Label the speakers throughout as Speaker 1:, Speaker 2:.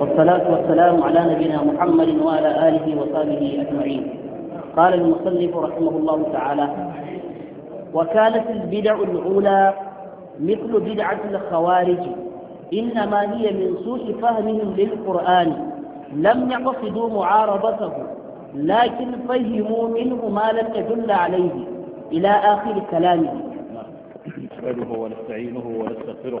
Speaker 1: والصلاة والسلام على نبينا
Speaker 2: محمد وعلى آله وصحبه أجمعين قال المصنف رحمه الله تعالى وكانت البدع الأولى مثل بدعة الخوارج إنما هي من سوء فهمهم للقرآن لم يقصدوا معارضته لكن فهموا منه ما لم يدل عليه إلى آخر كلامه نحمده ونستعينه ونستغفره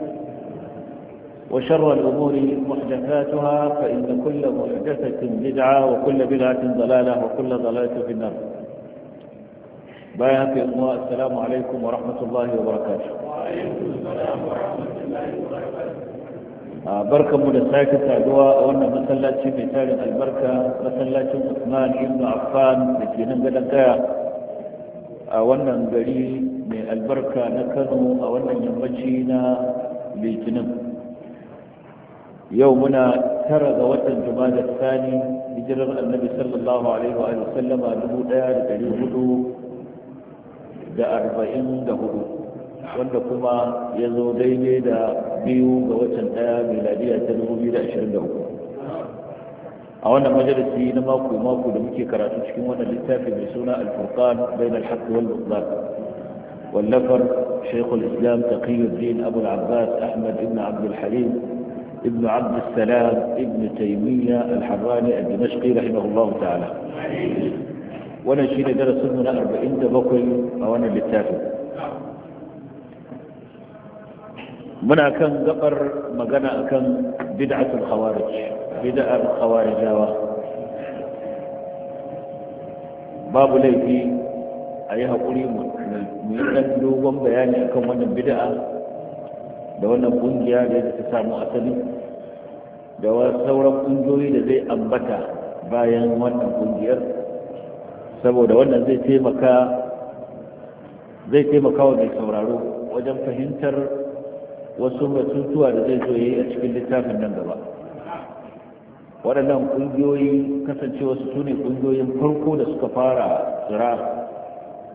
Speaker 2: وشر الأمور محدثاتها فإن كل محدثة بدعة وكل بدعة ضلالة وكل ضلالة في النار بيان في السلام عليكم ورحمة الله وبركاته آه، بركة مدساكة أدواء وأن مسلات في ثالث البركة مسلات شمع ثمان ابن عفان لكي ننبل أنت وأن نبري من البركة نكذو وأن ينبجينا لكي ننبل يومنا ترى ذوات الجمال الثاني بجرر النبي صلى الله عليه وآله وسلم أنه دعا لكي هدو دا أربعين دا هدو وانا كما يزو ديلي دا بيو ذوات الآية ميلادية تنهو بيلا عشر دا هدو أولا مجلس في نماكو ماكو دمكي كراتو شكيمونا لتافي بسونا الفرقان بين الحق والمطلق واللفر شيخ الإسلام تقي الدين أبو العباس أحمد بن عبد الحليم ابن عبد السلام ابن تيمية الحراني الدمشقي رحمه الله تعالى وانا شيل درس من أربعين دبقل وانا للتافه منا كان قبر مقنا كان بدعة الخوارج بدعة الخوارج باب ليفي أيها قولي من أجل وان بياني أكون وانا بدعة da wannan kungiya da ta da sauran kungiyoyi da zai ambata bayan wannan kungiyar saboda wannan zai taimaka zai taimaka wa mai sauraro wajen fahimtar wasu matutuwa da zai zo yi a cikin littafin nan gaba waɗannan ƙungiyoyi wasu su sune ƙungiyoyin farko da suka fara tsira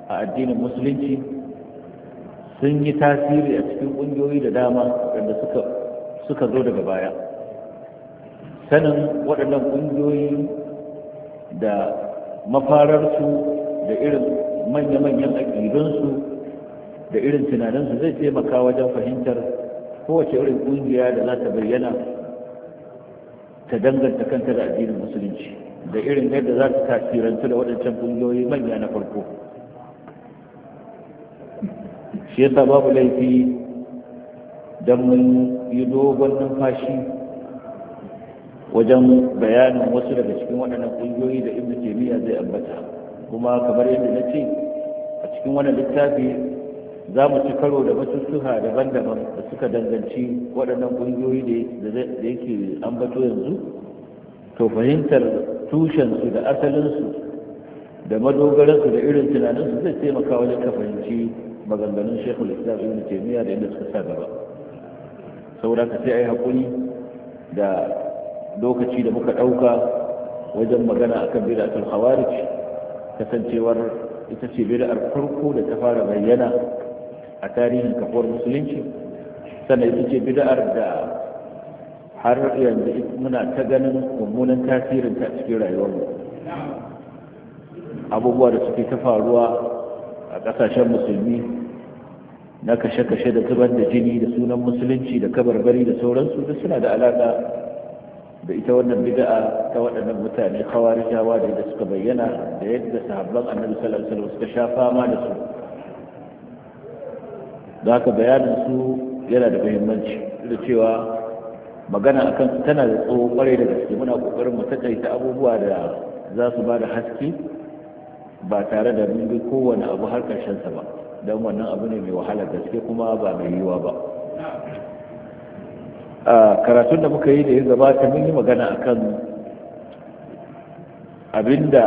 Speaker 2: a addinin musulunci sun yi tasiri a cikin ƙungiyoyi da dama wanda suka zo daga baya sanin waɗannan ƙungiyoyi da mafararsu da irin manya-manyan aƙidansu da irin tunaninsu zai taimaka wajen fahimtar kowace irin ƙungiya da za ta bayyana ta danganta kanta da addinin musulunci da irin yadda za ta tasirantu da waɗancan ƙungiyoyi manya na farko shi yasa babu laifi don mun yi dogon numfashi wajen bayanin wasu daga cikin waɗannan ƙungiyoyi da ibn taymiya zai ambata kuma kamar yadda na ce a cikin wannan littafi za mu ci karo da basussuka daban-daban da suka danganci waɗannan ƙungiyoyi da yake ambato yanzu to fahimtar tushensu da asalinsu da madogaransu da irin tunaninsu zai taimaka wajen ka fahimci maganganun shekul islam ibn taymiya da inda suka sa gaba saboda ka sai a yi haƙuri da lokaci da muka ɗauka wajen magana akan bid'atul khawarij kasancewar ita ce bid'ar farko da ta fara bayyana a tarihin kafuwar musulunci sannan ita ce bid'ar da har yanzu muna ta ganin mummunan tasirin ta cikin rayuwarmu abubuwa da suke ta faruwa a ƙasashen musulmi na kashe-kashe da zubar da jini da sunan musulunci da kabarbari da sauransu duk suna da alaƙa da ita wannan bid'a ta waɗannan mutane khawarijawa da yadda suka bayyana da yadda sahabban annabi sallallahu alaihi wasallam suka sha fama da su za ka bayanin su yana da muhimmanci da cewa magana akan tana da tsawo kwarai da gaske muna kokarin mu takaita abubuwa da za su ba da haske ba tare da mun bi kowane abu har karshen sa ba don wannan abu ne mai wahala gaske kuma ba mai yiwa ba karatun da muka yi da ya gabata mun yi magana akan abinda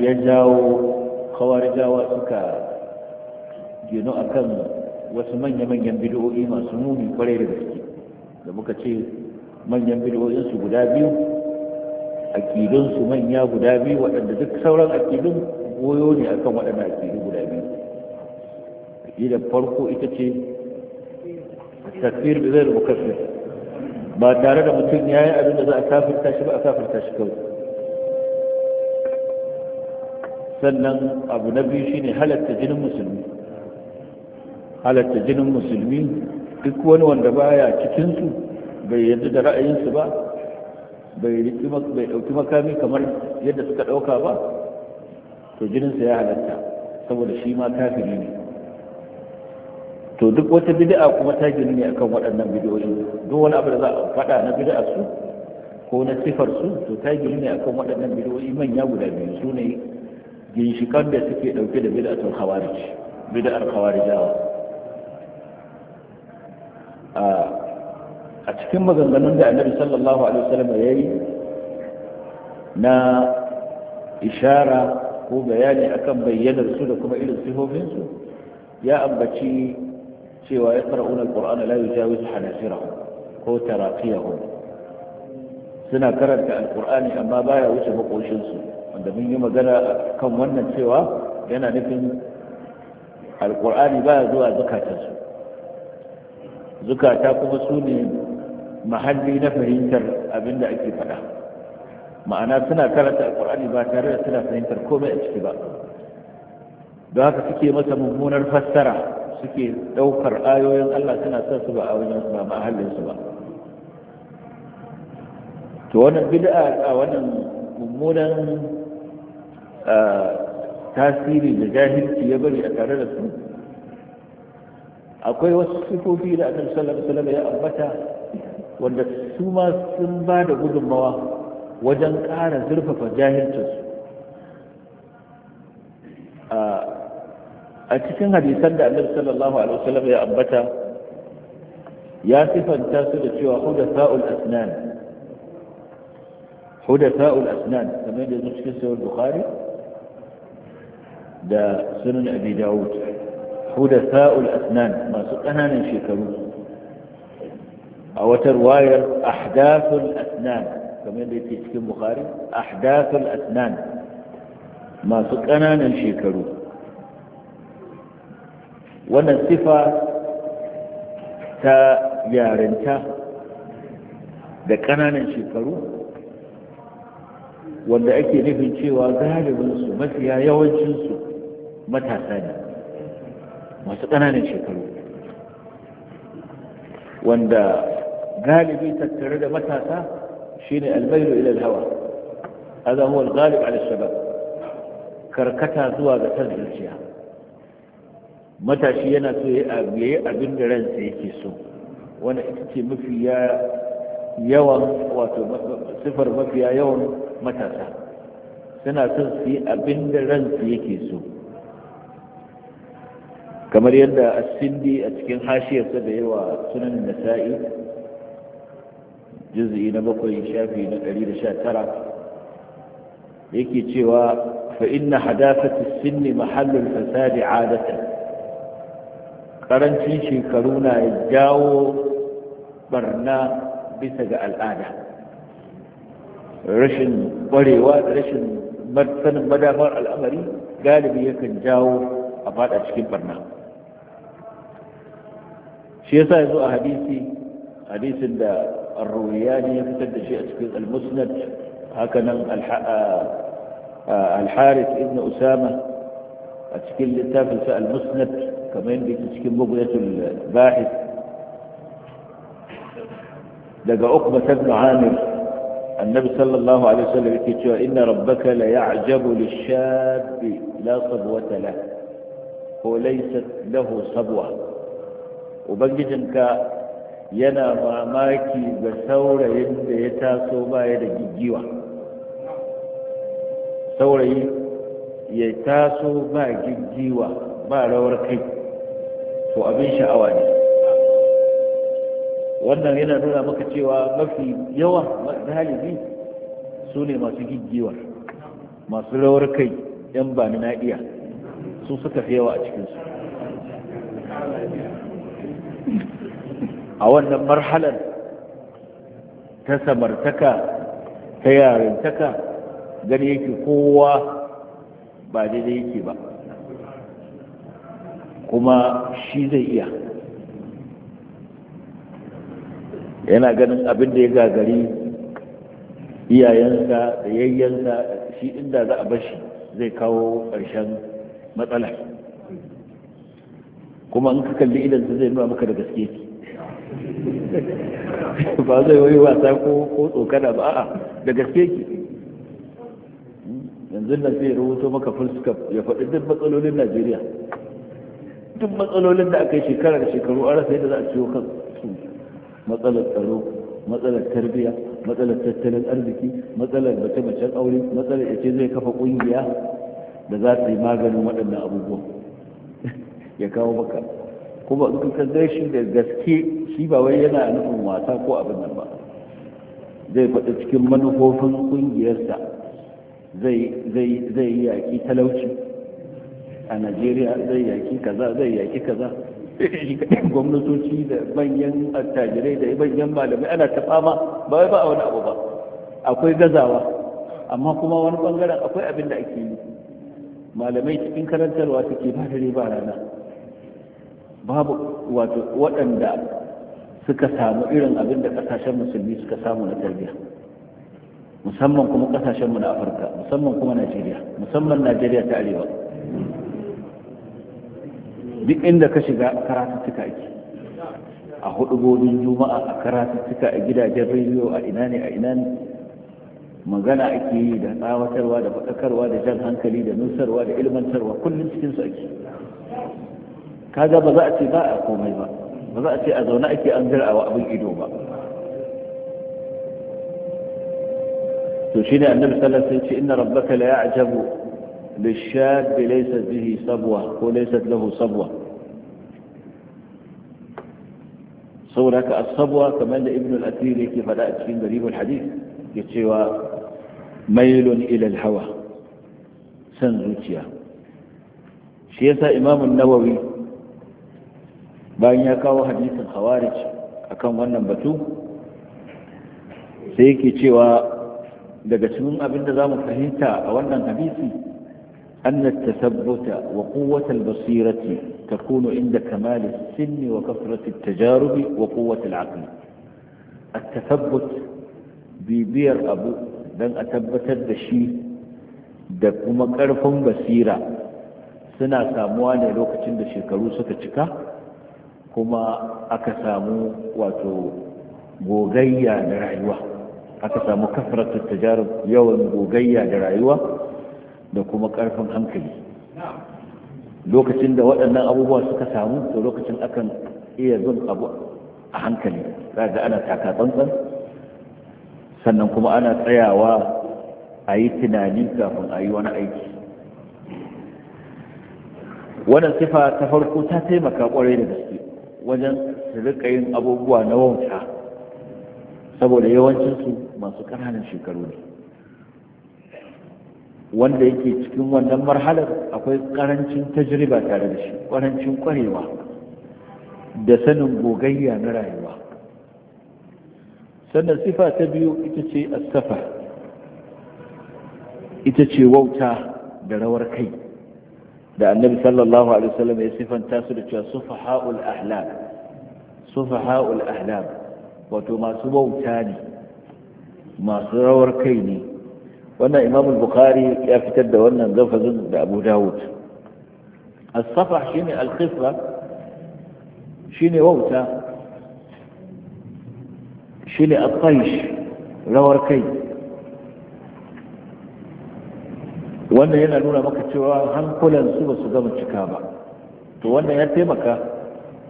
Speaker 2: ya jawo kawar jawa suka gino akan wasu manya-manyan bidiyo'i masu muni kwarai da gaske da muka ce manyan bidiyo'insu guda biyu akidunsu manya guda biyu waɗanda duk sauran akidun goyo ne akan waɗanda akidu guda biyu akidar farko ita ce tafiyar da zai rubuta ba tare da mutum ya yi abin da za a kafirta shi ba a kafirta shi kawai sannan abu na biyu shine halatta jinin musulmi halatta jinin musulmi duk wani wanda baya cikinsu bai yadda da ra'ayinsu ba bai ɗauki makami kamar yadda suka ɗauka ba to jininsa ya halatta saboda shi ma kafiri ne to duk wata bid'a kuma ta gini ne akan waɗannan bid'o'i duk wani abu da za a faɗa na bid'a su ko na sifar su to ta gini ne akan waɗannan bid'o'i manya guda biyu su ne ginshikan da suke ɗauke da bid'atul khawarij bid'ar khawarijawa a cikin maganganun da annabi sallallahu alaihi wasallam ya yi na ishara ko bayani akan bayyanar su da kuma irin sifofinsu ya ambaci cewa ya qara'una alqur'ana la yujawizu hanasirahum ko taraqiyahum suna karanta alqur'ani amma ba ya wuce makoshin wanda mun yi magana kan wannan cewa yana nufin alqur'ani baya zuwa zukatansu zukata kuma su ne mahalli na fahimtar abin da ake faɗa ma'ana suna karanta alkur'ani ba tare da suna fahimtar komai a ciki ba don haka suke masa mummunar fassara suke ɗaukar ayoyin Allah suna sa su ba a wajen su ba mahallin su ba to wannan bid'a a wannan mummunan tasiri da jahilci ya bari a tare da su akwai wasu sifofi da annabi sallallahu alaihi ya ambata wanda su ma sun ba da gudunmawa wajen ƙara zurfafa jahilcinsu a cikin hadisan da annabi sallallahu alaihi wasallam ya ambata ya sifanta su da cewa hudatha'ul asnan hudatha'ul asnan kamar da cikin sahih bukhari da sunan abi dawud hudatha'ul asnan masu kananan shekaru a wata riwayar ahdathul asnan kamar da yake cikin bukhari ahdathul asnan masu kananan shekaru wannan sifa ta yarinta da ƙananan shekaru wanda ake nufin cewa galibinsu mafiya yawancinsu matasa ne masu ƙananan shekaru wanda galibi tattare da matasa shine almailu Ilal hawa هذا هو الغالب على karkata zuwa ga san matashi yana so ya yi abin da ransa yake so wanda ita ce mafi yawan wato sifar mafiya yawan matasa suna son su yi abin da ransu yake so kamar yadda asindi a cikin hashiyarsa da yawa sunan nasa'i juz'i na bakwai shafi na ɗari da sha tara yake cewa fa inna hadafatu sinni mahallul fasadi adatan karancin shekaru na ya jawo barna bisa ga al'ada rashin kwarewa da rashin sanin madamar al'amari galibi yakan jawo a fada cikin barna shi yasa yanzu a hadisi hadisin da arruwiyani ya fitar da shi a cikin al-musnad hakanan al-harith ibn usama a cikin littafinsa al-musnad كما يندي تشكين مبغية الباحث لقى أقبة ابن عامر النبي صلى الله عليه وسلم يكتشوا إن ربك ليعجب للشاب لا صبوة له هو ليست له صبوة وبقيت انك ينا ماماكي بثورة يندي يتاسو ما يدي جيوة ثورة يتاسو ما يدي جيوة ما لو ركيب ko abin sha'awa ne wannan yana nuna maka cewa mafi yawa galibi su ne masu giggewar masu rawar kai yan ba na iya su suka fi yawa a cikinsu a wannan marhalar ta samartaka ta yarintaka gani yake kowa ba daidai yake ba kuma shi zai iya yana ganin abin da ya gagari iyayensa da yayyensa shi inda za a bashi zai kawo ƙarshen matsala kuma in ka kalli idan su zai nuna maka da gaske
Speaker 1: ba zai wai
Speaker 2: wasa ko tsokana ba a da gaske ki yanzu na sai rubuto maka fuska ya faɗi duk matsalolin najeriya duk matsalolin da aka yi shekara da shekaru an rasa yadda za a ciwo kan su matsalar tsaro matsalar tarbiyya matsalar tattalin arziki matsalar bace bacen aure matsalar ya ce zai kafa ƙungiya da za ta yi maganin waɗannan abubuwan ya kawo maka kuma in ka shi da gaske shi ba wai yana nufin wasa ko abin nan ba zai faɗi cikin manufofin ƙungiyarsa zai yi yaƙi talauci a najeriya zai yaki kaza zai yaki kaza gwamnatoci da manyan attajirai da manyan malamai ana ta fama ba wai ba a wani abu ba akwai gazawa amma kuma wani bangaren akwai abin da ake yi malamai cikin karantarwa suke ba dare riba rana babu wato waɗanda suka samu irin abin da ƙasashen musulmi suka samu na tarbiyya musamman kuma ƙasashenmu na afirka musamman kuma najeriya musamman najeriya ta arewa duk inda ka shiga karatuttuka ake a hudu godin juma'a a karatuttuka a gidajen rediyo a ina ne a ina ne magana ake yi da tsawatarwa da faɗakarwa da jan hankali da nusarwa da ilmantarwa kullum cikinsu ake kaga ba za a ce ba a komai ba ba za a ce a zaune ake an wa abin ido ba to shine annabi sallallahu alaihi wasallam ce inna rabbaka la ya'jabu للشاب ليست به صبوة وليست له صبوة صورك الصبوة كما ابن الأثير كيف بدأت في غريب الحديث يتشوى ميل إلى الهوى سنزوتيا شيسا إمام النووي bayan ya kawo hadisin khawarij akan wannan batu sai yake cewa daga cikin abin da za mu fahimta a wannan hadisi أن التثبت وقوة البصيرة تكون عند كمال السن وكثرة التجارب وقوة العقل التثبت ببير أبو دن أثبت الدشي دكما كرف بصيرة سنة ساموانة لوكتين دشي كروسة تشكا كما أكسامو واتو غوغيا لرعيوة أكسامو كثرة التجارب يوم غوغيا لرعيوة da kuma ƙarfin hankali lokacin da waɗannan abubuwa suka samu to lokacin akan iya zun abu a hankali za ga ana taka tsantsan sannan kuma ana tsayawa a yi tunani kafin a yi wani aiki wannan sifa ta farko ta taimaka kwarai da gaske wajen su rika yin abubuwa na wauta
Speaker 1: saboda yawancinsu
Speaker 2: masu ƙananan shekaru ne wanda yake cikin wannan marhalar akwai karancin tajriba tare da shi karancin kwarewa da sanin gogayya na rayuwa sannan sifa ta biyu ita ce asafa ita ce wauta da rawar kai da annabi sallallahu alaihi wasallam ya sifanta su da cewa sufaha'ul ahlam sufaha'ul wato masu wauta ne masu rawar kai ne wannan imam bukhari ya fitar da wannan lafazin da abu dawud as-safah ne al-khifra ne wauta shine al-taish rawar kai wannan yana nuna maka cewa hankulan su ba su gama cika ba to wannan ya taimaka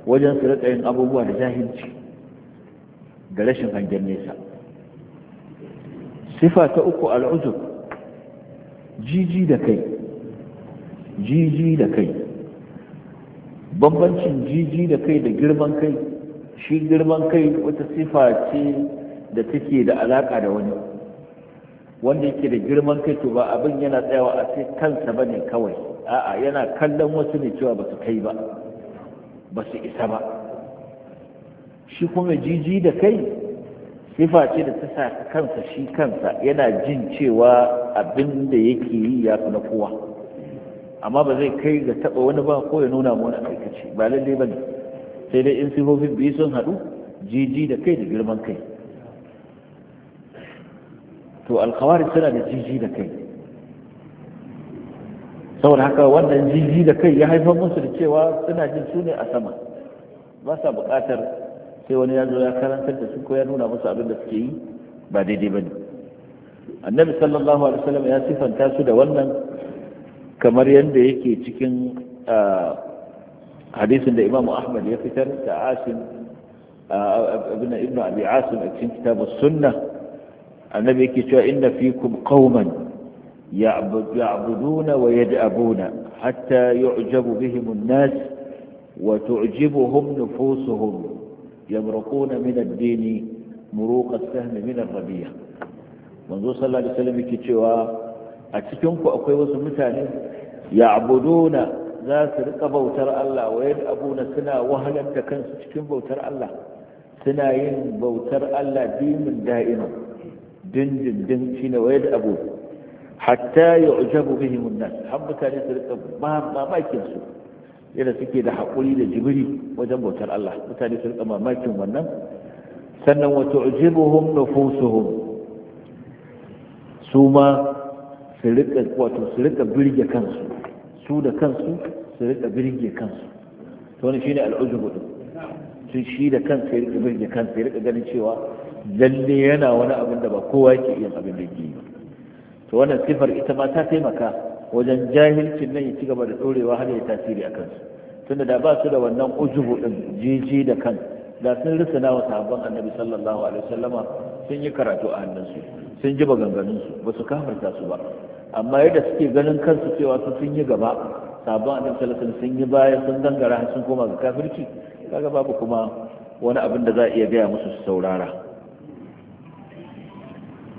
Speaker 2: wajen su rika yin abubuwa da jahilci da rashin hangen nesa sifa ta uku al'uzur, jiji da kai jiji da kai bambancin jiji da kai da girman kai shi girman kai wata sifa ce da take da alaka da wani wanda yake da girman kai to ba abin yana tsayawa a sai kansa ba ne kawai a'a yana kallon wasu ne cewa ba su kai ba ba su isa ba shi kuma jiji da kai sifa ce da ta sa kansa shi kansa yana jin cewa abin da yake yi ya fi na kowa amma ba zai kai ga taɓa wani ba ko ya nuna wani aikace ba lalle ba ne sai dai in sifofin biyu sun haɗu jiji da kai da girman kai to alkawari suna da jiji da kai saboda haka wannan jiji da kai ya haifar musu da cewa suna jin su ne a sama ba sa buƙatar sai wani ya zo ya karantar da su ya nuna musu abin da suke yi ba daidai ba ne annabi sallallahu ya sifanta su da wannan kamar yadda yake cikin hadisin da imam ahmad ya fitar da asim abin ibnu abi asim a cikin kitabus sunna annabi yake cewa inna fikum qauman ya'buduna wa yad'abuna hatta yu'jabu bihim an-nas wa tu'jibuhum nufusuhum يبرقون من الدين مروق السهم من الربيع منذ صلى الله عليه وسلم كتوا أتكنكو أكوي وسمتاني يعبدون ذات رقى بوتر الله ويدأبون سنا وهلا تكنس تكن بوتر الله سنا ين بوتر الله ديم دائما دن دن دن شين ويدأبون حتى يعجب بهم الناس حبتا لسرقى ما ما ما يكنسوا yadda suke da haƙuri da jibiri wajen bautar Allah mutane sun rika mamakin wannan sannan wa tu'jibuhum nufusuhum su ma su rika wato su rika birge kansu su da kansu su rika birge kansu to ne shine al'ujubu din sun shi da kansa ya rika birge kansa ya rika ganin cewa lalle yana wani abin da ba kowa yake iya abin da yake yi to wannan sifar ita ma ta taimaka wajen jahilcin nan ya ci gaba da ɗorewa har ya tasiri a kansu tunda da ba su da wannan ujubu ɗin jiji da kan da sun risana wa sahabban annabi sallallahu alaihi wasallama sun yi karatu a hannunsu sun ji maganganunsu ba su kafarta su ba amma yadda suke ganin kansu cewa su sun yi gaba sahabban annabi sallallahu alaihi sun yi baya sun gangara sun koma ga kafirci kaga babu kuma wani abin da za a iya gaya musu su saurara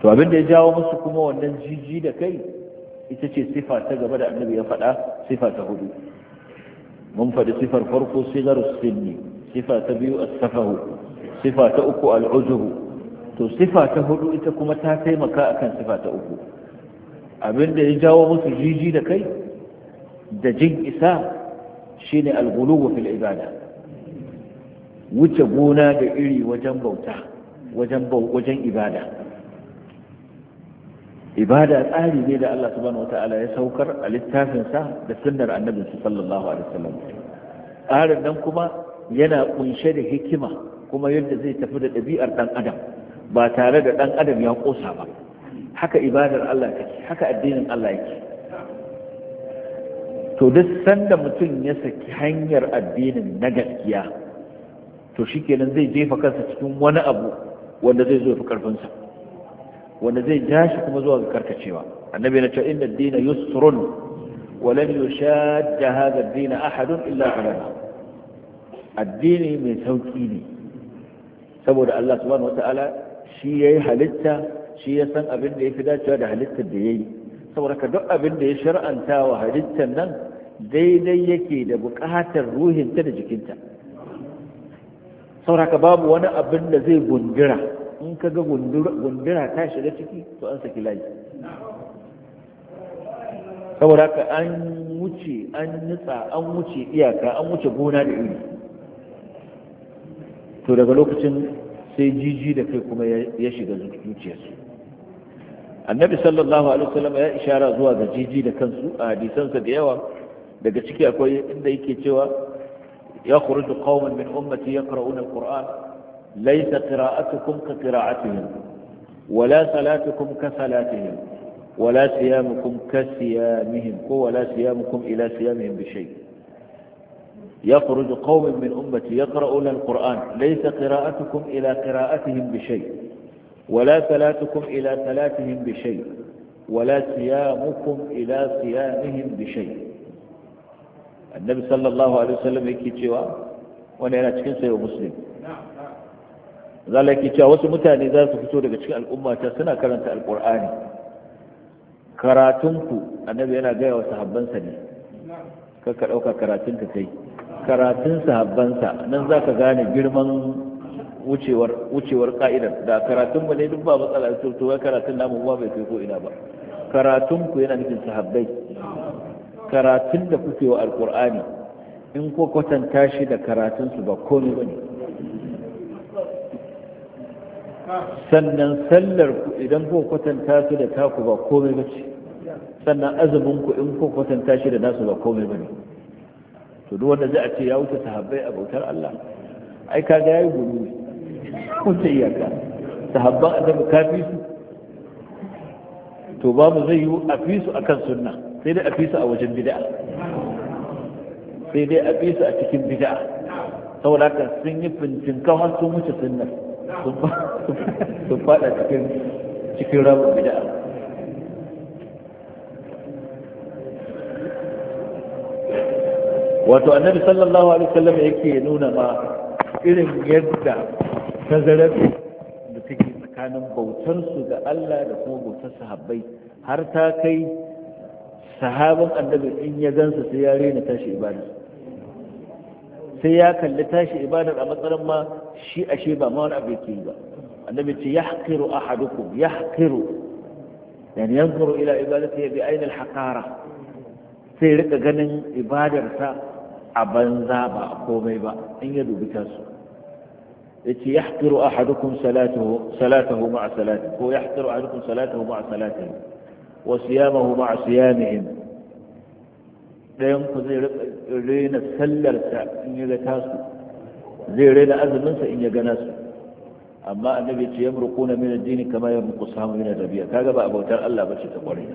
Speaker 2: to abin da ya jawo musu kuma wannan jiji da kai ita ce sifa ta gaba da annabi ya faɗa sifa ta hudu mun faɗi sifar farko sigar sinni sifa ta biyu as sifa ta uku al to sifa ta hudu ita kuma ta taimaka akan sifa ta uku da ya jawo musu jiji da kai da jin isa shine al-ghuluw fil ibada wuce gona da iri wajen bauta wajen ibada ibada tsari ne da Allah subhanahu wata'ala ya saukar a littafinsa da sunnar annabinsa sallallahu alaihi wasallam tsarin nan kuma yana kunshe da hikima kuma yadda zai tafi da ɗabi'ar ɗan adam ba tare da ɗan adam ya ƙosa ba haka ibadar Allah take haka addinin Allah yake to duk sanda mutum ya saki hanyar addinin na gaskiya to shikenan zai jefa kansa cikin wani abu wanda zai zo ya fi karfinsa wanda zai ja shi kuma zuwa ga karkacewa annabi na ce inna dina yusrun wa lam yushadda hadha ad-din ahadun illa qalaha addini mai sauki ne saboda Allah subhanahu wataala shi yayi halitta shi ya san abin da yafi dacewa da halittar da yayi saboda ka duk abin da ya shar'anta wa halittar nan daidai yake da buƙatar ruhinta da jikinta saboda ka babu wani abin da zai gundura in ka ga gundura ta shiga ciki to an saki layi saboda haka an wuce an nutsa an wuce iyaka an wuce gona da iri to daga lokacin sai jiji da kai kuma ya shiga zuciyarsu annabi sallallahu alaihi wasallam ya ishara zuwa ga jiji da kansu a hadisansa da yawa daga ciki akwai inda yake cewa ya khuruju qauman min ummati yaqra'una al-qur'an ليس قراءتكم كقراءتهم ولا صلاتكم كصلاتهم ولا صيامكم كصيامهم ولا صيامكم إلى صيامهم بشيء يخرج قوم من أمتي يقرؤون القرآن ليس قراءتكم إلى قراءتهم بشيء ولا صلاتكم إلى صلاتهم بشيء ولا صيامكم إلى صيامهم بشيء النبي صلى الله عليه وسلم يكي جوا وانا انا اتكلم سيو مسلم zalaki cewa wasu mutane za su fito daga cikin al'umma ta suna karanta alqur'ani karatunku annabi yana gaya wa sahabbansa ne kakka ɗauka karatunka kai karatun sahabbansa nan za ka gane girman wucewar wucewar ka'idar da karatun mu ne duk ba matsala to to karatun namu ba bai kai ko ina ba karatun ku yana nufin sahabbai karatun da kuke wa alqur'ani in ko kwatanta shi da karatun su ba komai bane sannan sallar ku idan ku kwatanta su da taku ba komai ba ce sannan azumin ku in ku kwatanta shi da nasu ba komai ba ne to duk wanda za a ce ya wuce sahabbai a bautar Allah ai kaga yayi gudu ne wuce iyaka sahabban annabi kafi su to babu zai yi a fi su akan sunna sai dai a fi su a wajen bid'a sai dai a fi su a cikin bid'a saboda haka sun yi fincin har sun wuce sunna sun sun fada cikin cikin ramin bid'a wato annabi sallallahu alaihi wasallam yake nuna ma irin yadda tazarar da take tsakanin bautarsu ga Allah da kuma bautar sahabbai har ta kai sahabin annabi in ya gansa sai ya rena tashi ibada, sai ya kalli tashi ibada a matsarin ma shi ashe ba ma wani abu yake yi ba annabi ce yahqiru ahadukum yahqiru yani yanzuru ila ibadatihi bi ayna al sai rika ganin ibadarsa a banza ba a komai ba in ya dubi kansu yace yahqiru ahadukum salatuhu salatuhu ma'a salatihi ko ya hakiru a ahadukum salatuhu ma'a salatihi wa siyamahu ma'a siyamihim dayan ku zai rika rena sallarsa in ya ga tasu zai rina azumin sa in ya gana su. amma annabi ce yamruquna min addini kamar kama yamruqu samu min rabi'a kaga ba abautar Allah bace ta kware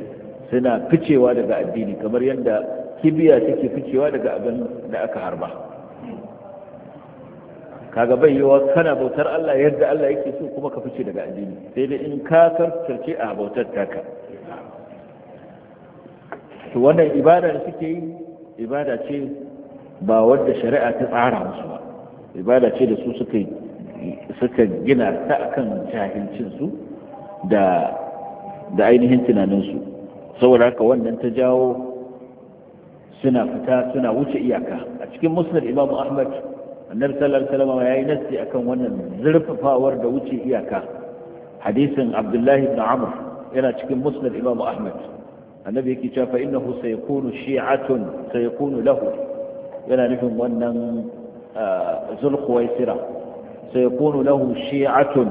Speaker 2: suna ficewa daga addini kamar yadda kibiya take ficewa daga abin da aka harba kaga bai yiwa kana bautar Allah yadda Allah yake so kuma ka fice daga addini sai dai in ka karkarce a bautar taka to wannan ibada da suke yi ibada ce ba wadda shari'a ta tsara musu ba ibada ce da su suka yi suka gina ta akan jahilcinsu da da ainihin tunaninsu saboda haka wannan ta jawo suna fita suna wuce iyaka a cikin musnad imamu ahmad annabi sallallahu alaihi wasallam yayi nasi akan wannan zurfafawar da wuce iyaka hadisin abdullahi ibn amr yana cikin musnad imamu ahmad annabi yake cewa fa innahu sayakunu shi'atun sayakunu lahu yana nufin wannan ah, zulkhuwaisira سيكون له شيعة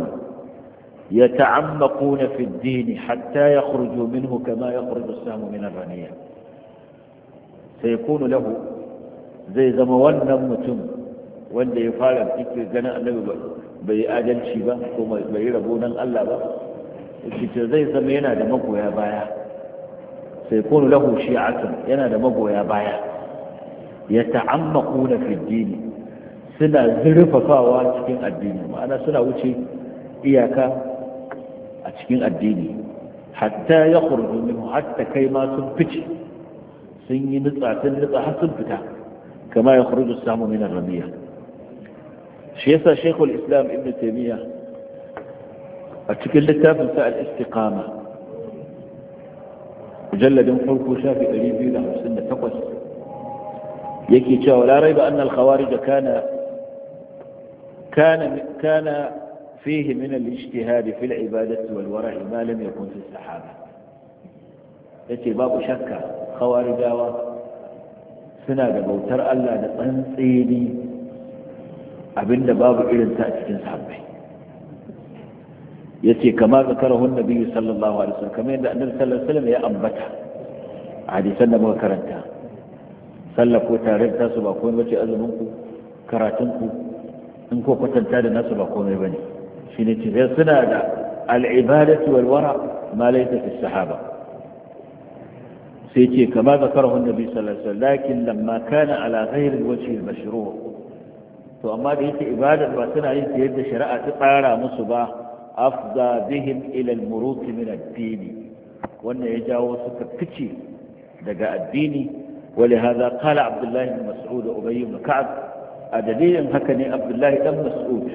Speaker 2: يتعمقون في الدين حتى يخرجوا منه كما يخرج السهم من الرنية سيكون له زي زموان نمتم وان دي فعلا تكي زناء نبي بي آجل شبا ثم بي ربونا ألا با زي زمينا دمقو يا بايا سيكون له شيعة ينا دمقو يا بايا يتعمقون في الدين suna zurfafawa cikin addini ma'ana suna wuce iyaka a cikin addini hatta ya kurdu minhu hatta kai ma sun fice sun yi nutsa sun nutsa har sun fita kama ya kurdu samu min ramiya shi yasa shekul islam ibn taimiyya? a cikin littafin sa'ad al-istiqama mujalladin farko shafi 258 yake cewa la raiba annal khawarij kana كان كان فيه من الاجتهاد في العبادة والورع ما لم يكن في الصحابة yace babu shakka khawarijawa suna da bautar Allah da tsantseni abinda babu irin ta cikin sahabbai yace kama zakarahu annabi sallallahu alaihi wasallam kamar yadda annabi sallallahu alaihi wasallam ya ambata hadisan da muka karanta sallah ko tare da su ba komai bace azumin ku karatun ku in ko kwatanta da nasu ba komai ba ne. bane shine ce suna da al'ibadatu wal wara ma laysa fi sahaba sai ce kama zakarahu annabi sallallahu alaihi wasallam lakin lamma kana ala ghairi alwajhi almashru' to amma da yake ibadar ba suna yin ta yadda shari'a ta tsara musu ba afda bihim ila almuruk min ad-din wannan ya jawo suka fice daga addini ولهذا قال عبد الله بن مسعود وابي بن كعب a dalilin haka ne abdullahi dan mas'ud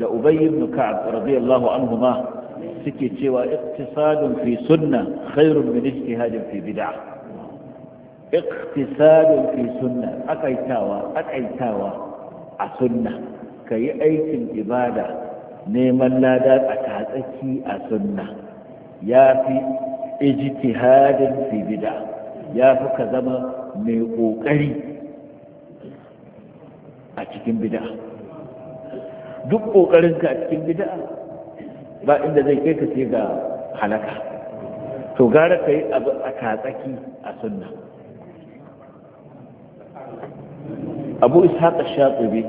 Speaker 2: da ubay ibn ka'ab radiyallahu suke cewa iqtisadun fi sunna khairun min ijtihadin fi bid'ah iqtisadun fi sunna akaitawa akaitawa a sunna kayi aikin ibada neman lada a tatsaki a sunna ya fi ijtihadin fi ya fi ka zama mai kokari a cikin bid'a duk ƙoƙarinka a cikin bida'a ba inda zai kai ka ce ga halaka to gara ka yi abu a katsaki a sunna abu ishaq shatsibi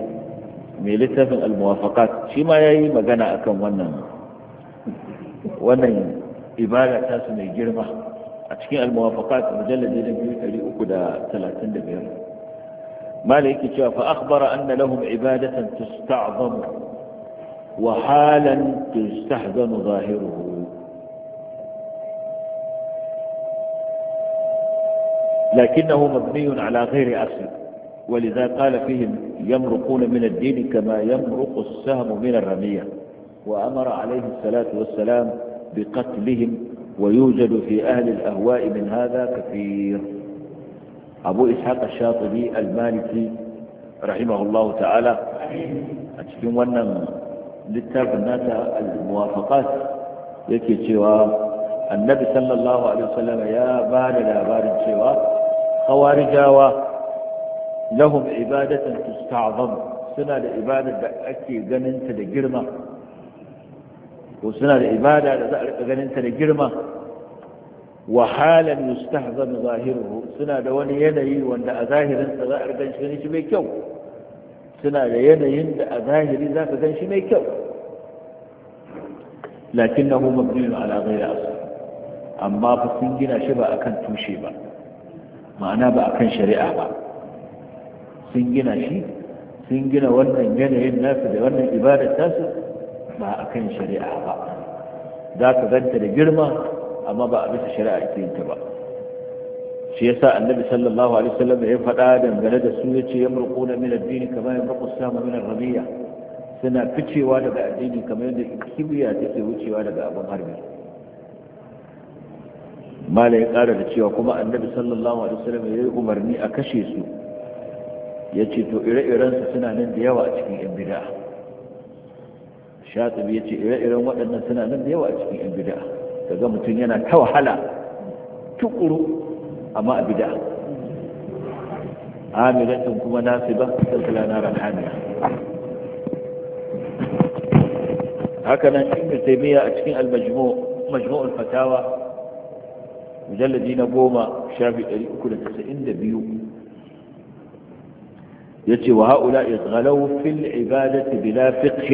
Speaker 2: mai littafin al-muwafaqat shi ma yayi magana akan wannan wannan ibada ta su mai girma a cikin al-muwafaqat mujallad مالك فأخبر أن لهم عبادة تستعظم وحالا tusta'zamu ظاهره لكنه مبني على غير أصل ولذا قال فيهم يمرقون من الدين كما يمرق السهم من الرمية وأمر عليه الصلاة والسلام بقتلهم ويوجد في أهل الأهواء من هذا كثير أبو إسحاق الشاطبي المالكي رحمه الله تعالى أتكلم وانا للتاب الناس الموافقات يكي سوى النبي صلى الله عليه وسلم يا بار لا بار سوى خوارجاوة لهم عبادة تستعظم سنة لعبادة أكي غننت لجرمة وسنة لعبادة أكي جننت لجرمة wa halan yustahzan zahiruhu suna da wani yanayi wanda a zahirin sa za a gan shi shi mai kyau suna da yanayin da a zahiri za ka gan shi mai kyau Lakin lakinnahu mabniun ala ghairi asl amma fa sun gina shi ba akan tushe ba ma'ana ba akan shari'a ba sun gina shi sun gina wannan yanayin nasu da wannan ibadar tasu ba akan shari'a ba za ka ganta da girma amma ba a bisa shari'a ake yin ta ba shi yasa annabi sallallahu alaihi wasallam ya faɗa dangane da su yace yamruquna min ad-din kama yamruqu as-sama min ar-rabiya suna ficewa daga addini kamar yadda kibiya take wucewa daga abin harbi mala ya ƙara da cewa kuma annabi sallallahu alaihi wasallam ya yi umarni a kashe su ya ce to ire-iren su suna nan da yawa a cikin yan bid'a shatibi ya ce ire-iren waɗannan suna nan da yawa a cikin yan bid'a kaga mutun yana ta wahala tukuru amma a bida din kuma nasiba sallallahu alaihi wa sallam haka nan ibn taymiya a cikin al-majmu' majmu' al-fatawa mujalladi na goma shafi 392 yace wa haula izghalaw fil ibadati bila fiqh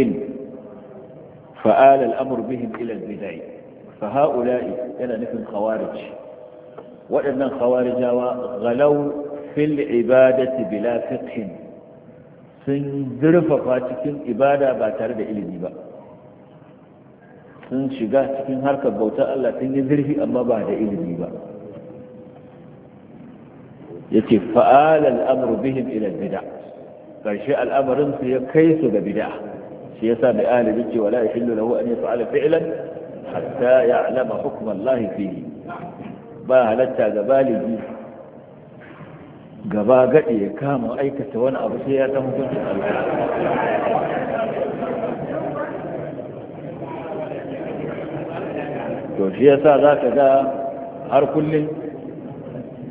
Speaker 2: fa'ala al-amru bihim ila al-bid'ah fa ha'ula'i yana nufin khawarij waɗannan khawarijawa ghalau fil ibadati bila fiqhin sun zurfafa cikin ibada ba tare da ilimi ba sun shiga cikin harkar bautar Allah sun yi zurfi amma ba da ilimi ba yace fa'ala al'amru bihim ila bid'a karshe al'amarin su ya kai su ga bid'a shi sa mai alibi ce wala yahillu lahu an yaf'ala fi'lan hatta ya alama hukumar lahifi ba halatta ga baligi gaba gaɗe ya kama aikata wani abu sai ya san to shi yasa za ka ga har kullum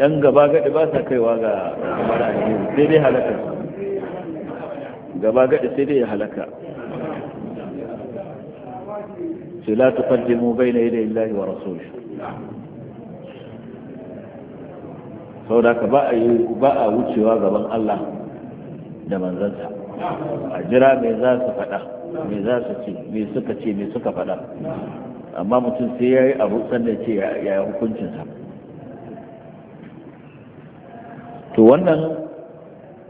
Speaker 2: ɗan gaba gaɗe ba sa kaiwa ga kamar sai dai halaka
Speaker 1: gaba gaɗe sai dai ya halaka ce la tuqaddimu bayna
Speaker 2: yaday Allahi wa rasulih saboda ka ba a yi ba a wucewa gaban Allah da manzansa a jira me za su faɗa me za su ce me suka ce me suka faɗa amma mutum sai ya yi abu sannan ce ya hukuncinsa to wannan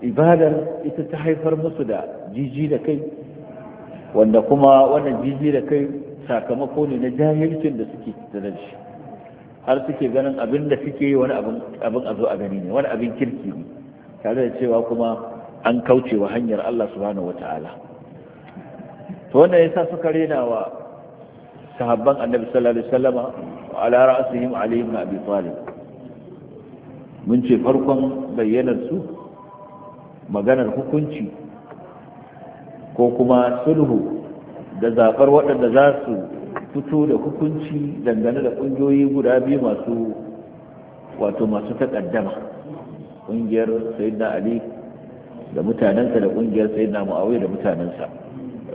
Speaker 2: ibadar ita ta haifar musu da jiji da kai wanda kuma wannan jiji da kai sakamako ne na jahilcin da suke da shi har suke ganin abin da suke yi wani abin a zo a gani ne wani abin kirki ne tare da cewa kuma an kauce wa hanyar Allah subhanahu Ta'ala. to wannan yasa suka rena wa sahabban annabi sallallahu alaihi wasallama ala abi talib mun ce farkon bayyanar su maganar hukunci ko kuma sulhu da zaɓar waɗanda za su fito da hukunci dangane da ƙungiyoyi guda biyu masu wato masu taƙaddama ƙungiyar sayidna ali da mutanensa da ƙungiyar sayidna mu'awiyya da mutanensa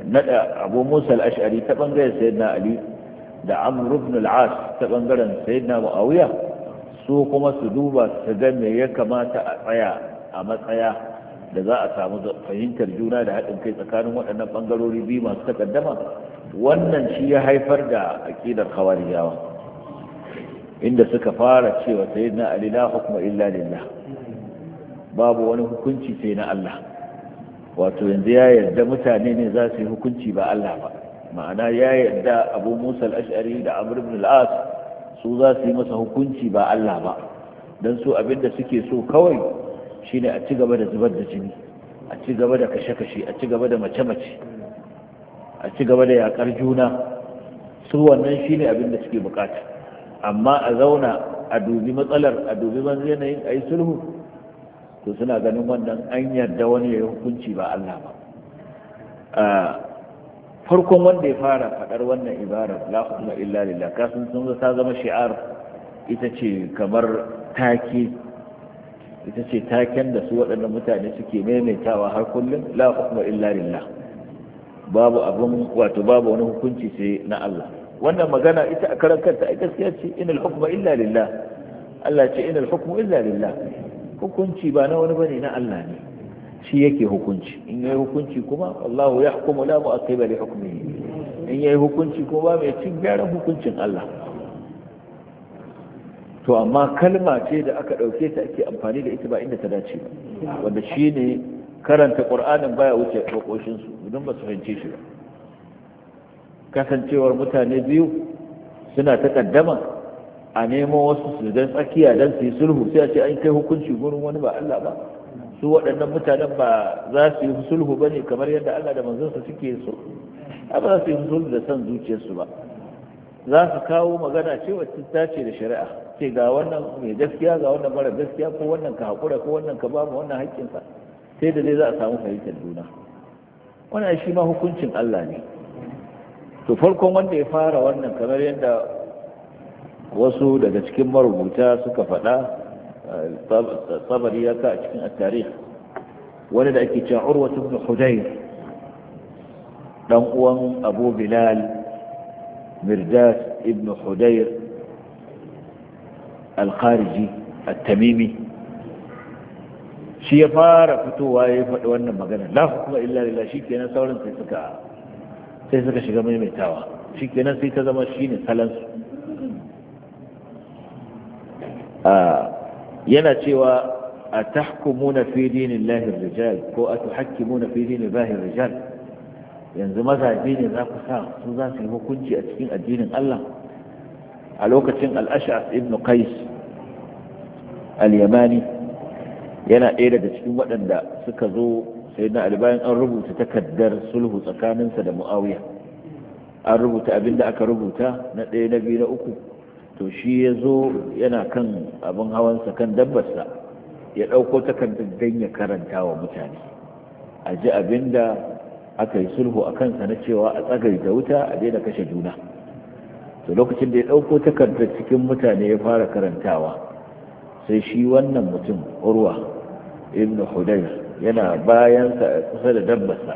Speaker 2: naɗa abu musa al-ash'ari ta bangaren sayidna ali da amr ibn al-as ta bangaren sayidna mu'awiya su kuma su duba su ga me ya kamata a tsaya a matsaya da za a samu fahimtar juna da haɗin kai tsakanin waɗannan ɓangarori biyu masu takaddama wannan shi ya haifar da aƙidar khawarijawa inda suka fara cewa sayyidina ali la hukma illa lillah babu wani hukunci sai na Allah wato yanzu ya yarda mutane ne za su yi hukunci ba Allah ba ma'ana ya yarda abu musa al-ash'ari da amr ibn al su za su yi masa hukunci ba Allah ba dan su abinda suke so kawai shine a ci gaba da zubar da jini a ci gaba da kashe-kashe a ci gaba da mace-mace a ci gaba da yakar juna su wannan shine abin da suke bukata amma a zauna a dubi matsalar a dubi yanayin a yi sulhu to suna ganin wannan an yarda wani ya hukunci ba Allah ba farkon wanda ya fara faɗar wannan ibarar la hukuma illa kasan sun zama shi'ar ita ce kamar take ita ce taken da su waɗannan mutane suke maimaitawa har kullum la hukma illa lillah babu abun wato babu wani hukunci sai na Allah wannan magana ita a karan kanta ai gaskiya ce inal hukma illa lillah Allah ce inal hukmu illa lillah hukunci ba na wani bane na Allah ne shi yake hukunci in yayi hukunci kuma allahu ya hukumu la mu'aqqiba li hukmihi in yayi hukunci kuma ba mai cin gyaran hukuncin Allah to amma kalma ce da aka ɗauke ta ake amfani da ita ba inda ta dace ba wanda shi ne karanta ƙur'anin baya wuce ƙoƙoshinsu idan ba su fahimce shi ba kasancewar mutane biyu suna ta ƙaddama a nemo wasu su dan tsakiya don su yi sulhu sai a ce an kai hukunci gurin wani ba Allah ba su waɗannan mutanen ba za su yi sulhu ba ne kamar yadda Allah da manzansa suke so a ba za su yi sulhu da son zuciyarsu ba za su kawo magana ce wacce ta ce da shari'a ce ga wannan mai gaskiya ga wannan mara gaskiya ko wannan ka haƙura ko wannan ka ba wannan haƙƙinsa sai da zai za a samu fahimtar juna wannan shi ma hukuncin Allah ne to farkon wanda ya fara wannan kamar yadda wasu daga cikin marubuta suka faɗa eh, tsabari ya ka a cikin tarihi wani da ake cewa urwa ibn hudayr dan uwan abu bilal mirdas ibn hudayr alkhariji at-tamimi shi ya fara fitowa ya faɗi wannan magana la hukuma illa lillah shikenan sauran sai suka sai suka shiga maimaitawa shikenan sai ta zama shine salan su yana cewa atahkumuna fi dinillahi Lahir rijal ko atuhakkimuna fi dinillahi Lahir rijal yanzu mazaje ne za ku sa su za su yi hukunci a cikin addinin Allah a lokacin al-ash'as ibn qais al-yamani yana ɗaya daga cikin waɗanda suka zo sai na albayan an rubuta takardar sulhu tsakaninsa da mu'awiya an rubuta abin da aka rubuta na ɗaya na biyu na uku to shi ya zo yana kan abin sa kan sa ya ɗauko takardar dan ya karanta wa mutane a ji abin da aka yi sulhu a kansa na cewa a tsagar da wuta a daina kashe juna to lokacin da ya ɗauko takardar cikin mutane ya fara karantawa sai shi wannan mutum urwa ibn hudayr yana bayansa a kusa da sa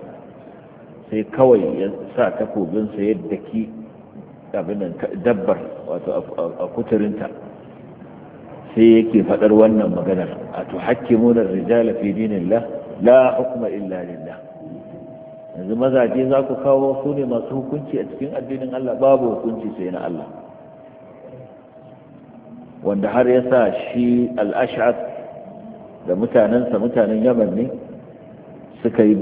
Speaker 2: sai kawai ya sa takobinsa yadda ki abinan dabbar wato a kuturinta sai yake faɗar wannan maganar a tuhakkimunar rijala fi dinillah la hukma illa lillah yanzu mazaje za ku kawo su ne masu hukunci a cikin addinin Allah babu hukunci sai na Allah wanda har ya sa shi al'ash'ad da mutanensa mutanen yaman ne suka yi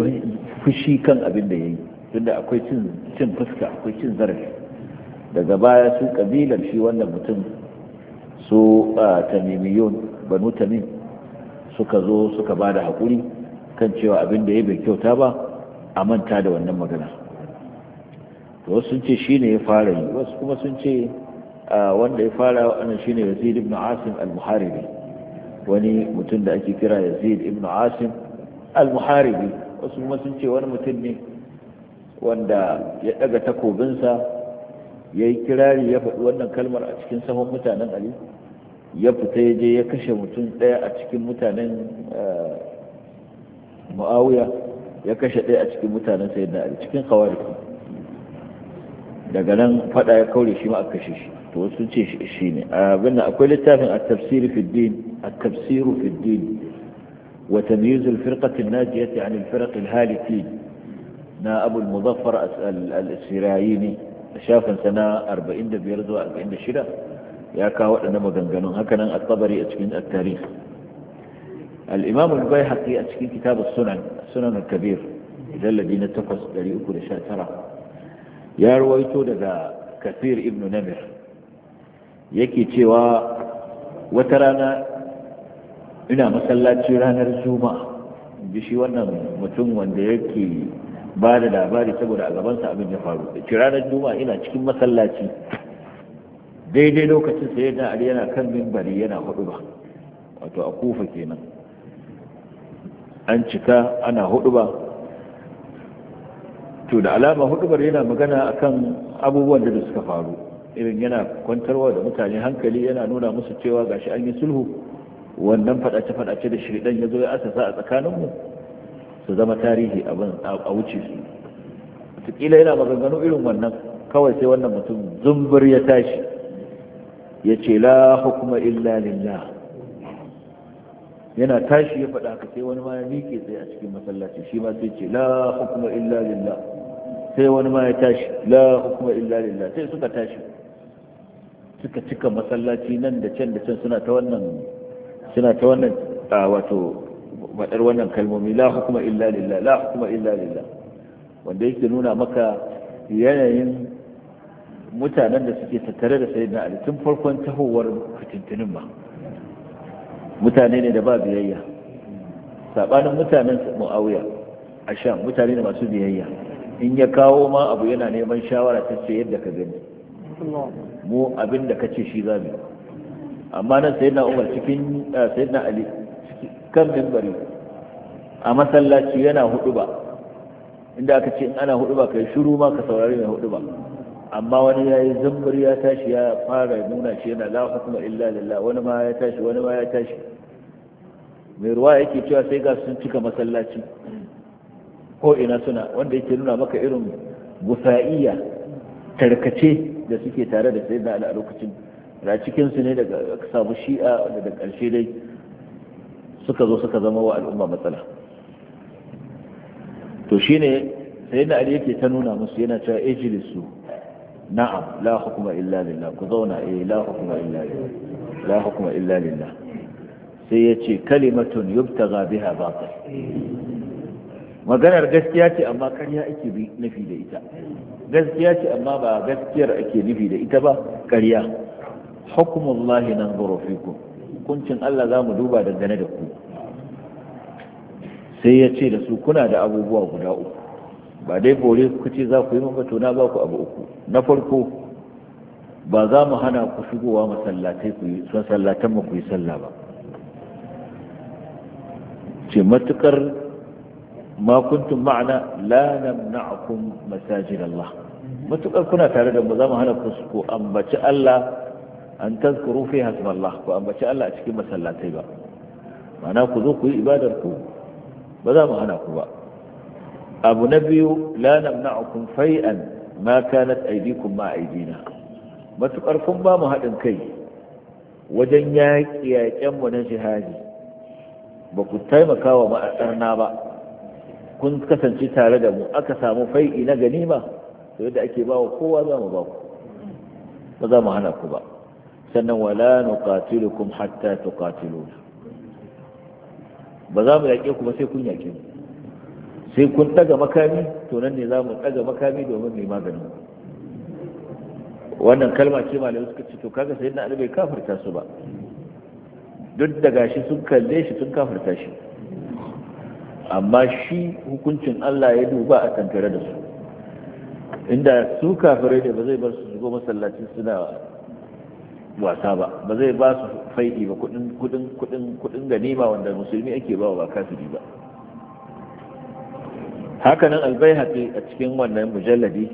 Speaker 2: fushi kan abin da ya yi tunda akwai cin fuska akwai cin zarafi daga baya su kabilar shi wannan mutum su a tamimiyon banu tamim suka zo suka ba da haƙuri kan cewa abin da ya bai kyauta ba a manta da wannan magana to wasu sun ce shi ne ya fara yi wasu kuma sun ce wanda ya fara wannan shine Yazid ibn Asim al-Muharibi wani mutum da ake kira Yazid ibn Asim al-Muharibi wasu kuma sun ce wani mutum ne wanda ya daga takobinsa ya yi kirari ya faɗi wannan kalmar a cikin sahun mutanen Ali ya fita ya je ya kashe mutum ɗaya a cikin mutanen mu'awiya ya kashe ɗaya a cikin mutanen sayyidina Ali cikin khawarij daga nan faɗa ya kaure shi ma a kashe shi التفسير في الدين التفسير في الدين وتمييز الفرقة الناجية عن الفرق الهالكين نا أبو المظفر السيرايني شافا سنة أربعين دبير دو أربعين دشرة يا كاوة أنا مغنغنون هكذا الطبري أتكين التاريخ الإمام البيحقي أتكين كتاب السنن السنن الكبير إذا الذي نتفص دليل كل شيء ترى يا رويتو لذا كثير ابن نمر yake cewa wata rana ina masallaci ranar juma'a ji shi wannan mutum wanda yake ba da labari saboda a gabansa abin ya faru da ci ranar juma'a ina cikin masallaci daidai lokacin sai yana yana kan mimbari yana hudu ba wato a kufa kenan an cika ana hudu ba to da alama hudu yana magana akan abubuwan da suka faru irin yana kwantarwa da mutane hankali yana nuna musu cewa gashi an yi sulhu wannan fadace-fadace da shiridan ya zo ya asasa a tsakaninmu su zama tarihi a wuce su tukila yana maganganu irin wannan kawai sai wannan mutum zumbur ya tashi ya ce la hukuma illa lillah
Speaker 1: yana tashi
Speaker 2: ya faɗa haka sai wani ma ya miƙe sai a cikin masallaci shi ma sai ce la hukuma illa lillah sai wani ma ya tashi la hukuma illa lillah sai suka tashi suka cika masallaci nan da can da can suna ta wannan suna ta wannan wato madar wannan kalmomi la hukuma illa lillah la hukuma illa lillah wanda yake nuna maka yanayin mutanen da suke tattare da sayyidina Ali tun farkon tahowar fitintinin ma mutane ne da ba biyayya sabanin mutanen Muawiya a sha mutane ne masu biyayya in ya kawo ma abu yana neman shawara ta ce yadda ka gani mu abin da kace shi za mu amma nan sai na umar cikin eh, sai na ali kan minbari a masallaci yana hudu ba inda aka ce in ana hudu ba kai shiru ma ka saurari mai hudu ba amma wani ya yi zambar ya tashi ya fara nuna shi yana la hukuma illa lillah wani ma ya tashi wani ma ya tashi mai ruwa yake cewa sai ga sun cika masallaci ko ina suna wanda yake nuna maka irin gusa'iya tarkace da suke tare da sayyidina ali a lokacin da cikinsu ne daga aka samu shi'a da da ƙarshe dai suka zo suka zama wa al'umma matsala to shi ne sayyidina ali yake ta nuna musu yana cewa ijlisu na'am la hukuma illa lillah ku zauna eh la hukuma illa lillah la hukuma illa lillah sai ya ce kalimatun yubtaga biha batil maganar gaskiya ce amma ƙarya ake bi nafi da ita gaskiya ce amma ba gaskiyar ake nufi da ita ba ƙarya hukumullahi nan fikum hukuncin Allah za mu duba dangane da ku sai ya ce da su kuna da abubuwa guda uku ba dai bore ku ce za ku yi mafato na ba ku abu uku na farko ba za mu hana ku shigowa masallatai ku yi sallatan mu ku yi sallah ba ce matukar ma kuntum ma'ana la namna'akum masajid Allah matukar kuna tare da mu za mu hana ku ku ambaci Allah an tazkuru fi Allah. ku ambaci Allah a cikin masallatai ba ma'ana ku zo ku yi ibadar ku ba za mu hana ku ba abu na biyu la namna'akum fai'an ma kanat aydikum ma aydina matukar kun ba mu haɗin kai wajen yaƙi yaƙen mu na jihadi ba ku taimaka wa ma'asar na ba kun kasance tare da mu aka samu fai'i na ganima to yadda ake bawa kowa za mu ba ku ba za mu hana ku ba sannan wala nuqatilukum hatta tuqatiluna ba za mu yaƙe ku ba sai kun yaƙe mu sai kun ɗaga makami to nan ne za mu ɗaga makami domin mai maganin wannan kalma ce malamai suka ce to kaga sai na bai kafirta su ba duk da gashi sun kalle shi sun kafirta shi amma shi hukuncin Allah ya duba a tankare da su inda su kafirai da ba zai bar su shigo masallacin suna wasa ba ba zai ba su faidi ba kudin ganima wanda musulmi ake ba ba kafiri ba hakanan albayhaqi a cikin wannan mujalladi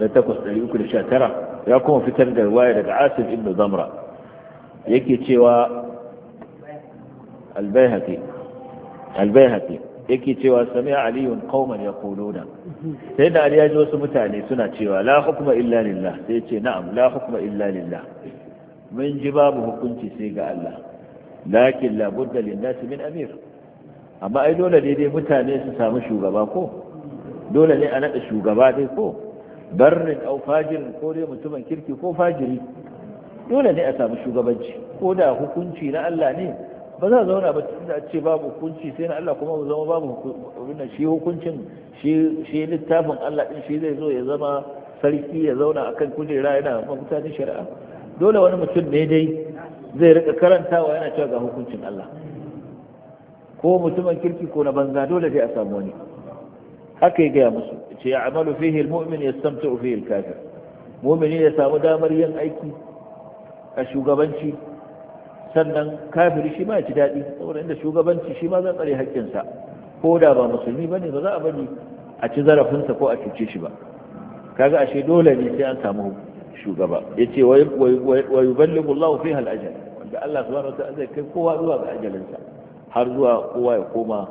Speaker 2: na 8319 ya kuma fitar da waya daga Asif ibn Zamra yake cewa albayhaqi yake cewa sami aliyun qauman yaquluna sai da ali ya ji wasu mutane suna cewa la hukma illa lillah sai ce na'am la hukma illa lillah mun ji babu hukunci sai ga Allah lakin la budda lin nas min amir amma ai dole ne dai mutane su samu shugaba ko dole ne a nada shugaba dai ko barrin au fajirin ko dai mutumin kirki ko fajiri dole ne a samu shugabanci ko da hukunci na Allah ne ba za a zauna ba da a ce babu hukunci sai na Allah kuma mu zama babu abin shi hukuncin shi littafin Allah din shi zai zo ya zama sarki ya zauna akan kujera yana mafuta mutane shari'a dole wani mutum ne dai zai rika karantawa yana cewa ga hukuncin Allah ko mutumin kirki ko na banza dole dai a samu wani haka ya gaya musu ce ya amalu fihi almu'min yastamti'u fihi alkafir mu'mini ya samu damar yin aiki a shugabanci sannan kafiri shi ma ya ci daɗi saboda inda shugabanci shi ma zan tsare haƙƙinsa ko da ba musulmi ba ne ba za a bari a ci zarafinsa ko a cuce shi ba kaga ashe dole ne sai an samu shugaba ya ce wa yuballighu Allah fi hal'ajar. wanda Allah subhanahu wa ta'ala zai kai kowa zuwa ga ajalinsa har zuwa kowa ya koma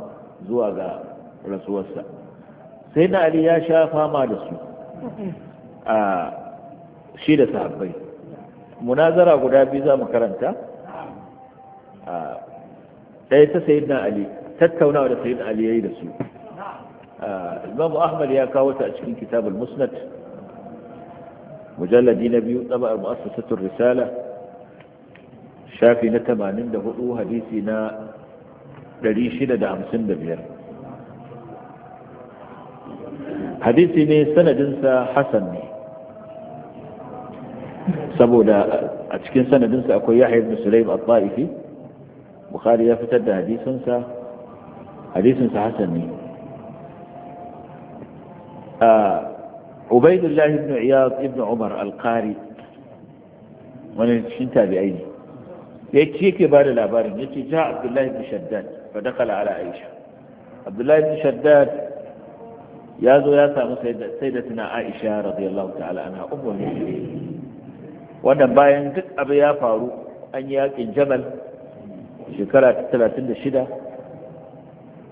Speaker 2: zuwa ga rasuwarsa sai na Ali ya sha fama da su a shi da sahabbai munazara guda biyu za mu karanta ɗaya ta sayi na ali tattaunawa da sayi na ali ya da
Speaker 1: su
Speaker 2: imam ahmad ya kawo ta a cikin kitab al-musnad mujalladi na biyu tsaba al-mu'assasatul risala shafi na 84 hadisi na 655 hadisi ne sanadinsa hasan ne saboda a cikin sanadinsa akwai yahya ibn sulaim al-ta'ifi bukhari ya fitar da hadisinsa hadisinsa hasan ne ubaidullah ibn iyad ibn umar al-qari wani cikin tabi'ai ne ya ce yake ba da labarin ya ce ja abdullahi ibn shaddad fa dakala ala aisha abdullahi ibn shaddad ya zo ya samu sai aisha radiyallahu ta'ala anha ummul wannan bayan duk abu ya faru an yi yakin jamal shekara ta talatin da shida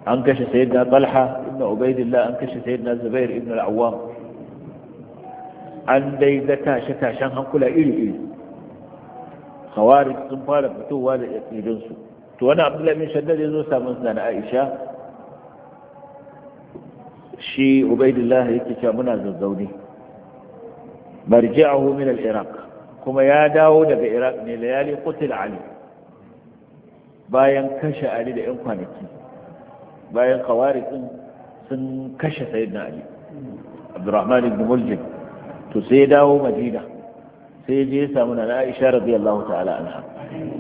Speaker 2: an kashe sayyidina Balha, ibn ubaidillah an kashe sayyidina zubair ibn al an dai ga tashe-tashen hankula iri-iri khawarij sun fara fitowa da yaƙidinsu to wani abdullahi bin shaddad ya zo samun suna na aisha shi ubaidillah yake cewa muna zazzauni marji'ahu min al-iraq kuma ya dawo daga iraq ne layali qutil ali bayan kashe ali da 'yan kwanaki bayan kawarikin sun kashe sayid na ali abdurrahman ibn muljim to sai ya dawo madina sai ya je ya samu na aisha radiyallahu ta'ala anha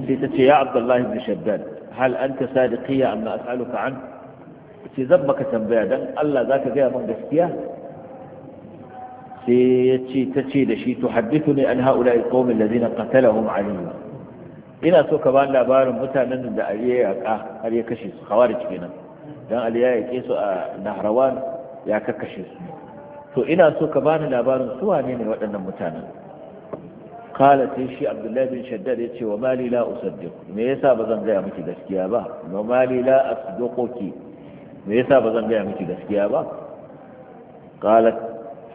Speaker 2: sai ta ce ya abdullahi ibn shaddad hal anta sadiqiyya amma as'aluka an ce zan maka tambaya dan Allah zaka gaya min gaskiya sai ya ce ta ce da shi tuhaddithuni an ha'ula'i qaumin ladina qatalahum aliyu ina so ka ba labarin mutanen da ali ya yaƙa har ya kashe su khawarij kenan dan ali ya yaƙe su a nahrawan ya kakkashe su to ina so ka bani labarin su wane ne waɗannan mutanen kala sai shi abdullahi bin shaddad ya ce wa mali la usaddiq me yasa ba zan gaya miki gaskiya ba wa mali la asduquki me yasa ba zan gaya miki gaskiya ba Kala